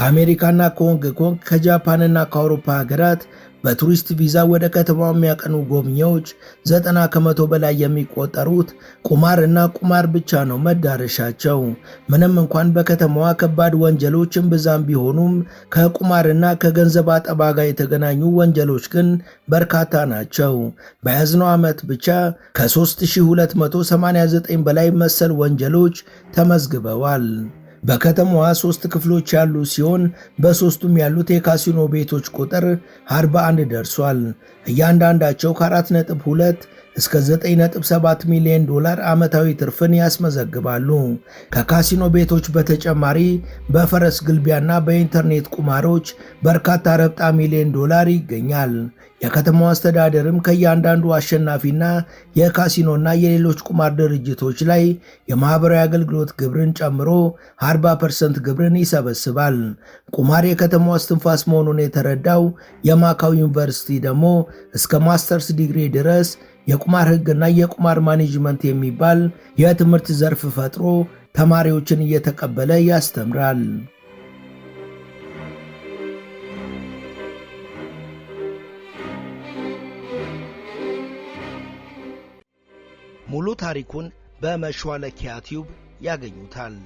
ከአሜሪካና ከሆንግ ኮንግ ከጃፓንና ከአውሮፓ ሀገራት በቱሪስት ቪዛ ወደ ከተማው የሚያቀኑ ጎብኚዎች ዘጠና ከመቶ በላይ የሚቆጠሩት ቁማርና ቁማር ብቻ ነው መዳረሻቸው። ምንም እንኳን በከተማዋ ከባድ ወንጀሎች እምብዛም ቢሆኑም ከቁማርና ከገንዘብ አጠባ ጋር የተገናኙ ወንጀሎች ግን በርካታ ናቸው። በያዝነው ዓመት ብቻ ከ3289 በላይ መሰል ወንጀሎች ተመዝግበዋል። በከተማዋ ሶስት ክፍሎች ያሉ ሲሆን በሶስቱም ያሉት የካሲኖ ቤቶች ቁጥር 41 ደርሷል። እያንዳንዳቸው ከ4.2 እስከ 9.7 ሚሊዮን ዶላር ዓመታዊ ትርፍን ያስመዘግባሉ። ከካሲኖ ቤቶች በተጨማሪ በፈረስ ግልቢያና በኢንተርኔት ቁማሮች በርካታ ረብጣ ሚሊዮን ዶላር ይገኛል። የከተማው አስተዳደርም ከእያንዳንዱ አሸናፊና የካሲኖና የሌሎች ቁማር ድርጅቶች ላይ የማኅበራዊ አገልግሎት ግብርን ጨምሮ 40 ፐርሰንት ግብርን ይሰበስባል። ቁማር የከተማው እስትንፋስ መሆኑን የተረዳው የማካው ዩኒቨርሲቲ ደግሞ እስከ ማስተርስ ዲግሪ ድረስ የቁማር ሕግና የቁማር ማኔጅመንት የሚባል የትምህርት ዘርፍ ፈጥሮ ተማሪዎችን እየተቀበለ ያስተምራል። ሙሉ ታሪኩን በመሿለኪያ ቲዩብ ያገኙታል።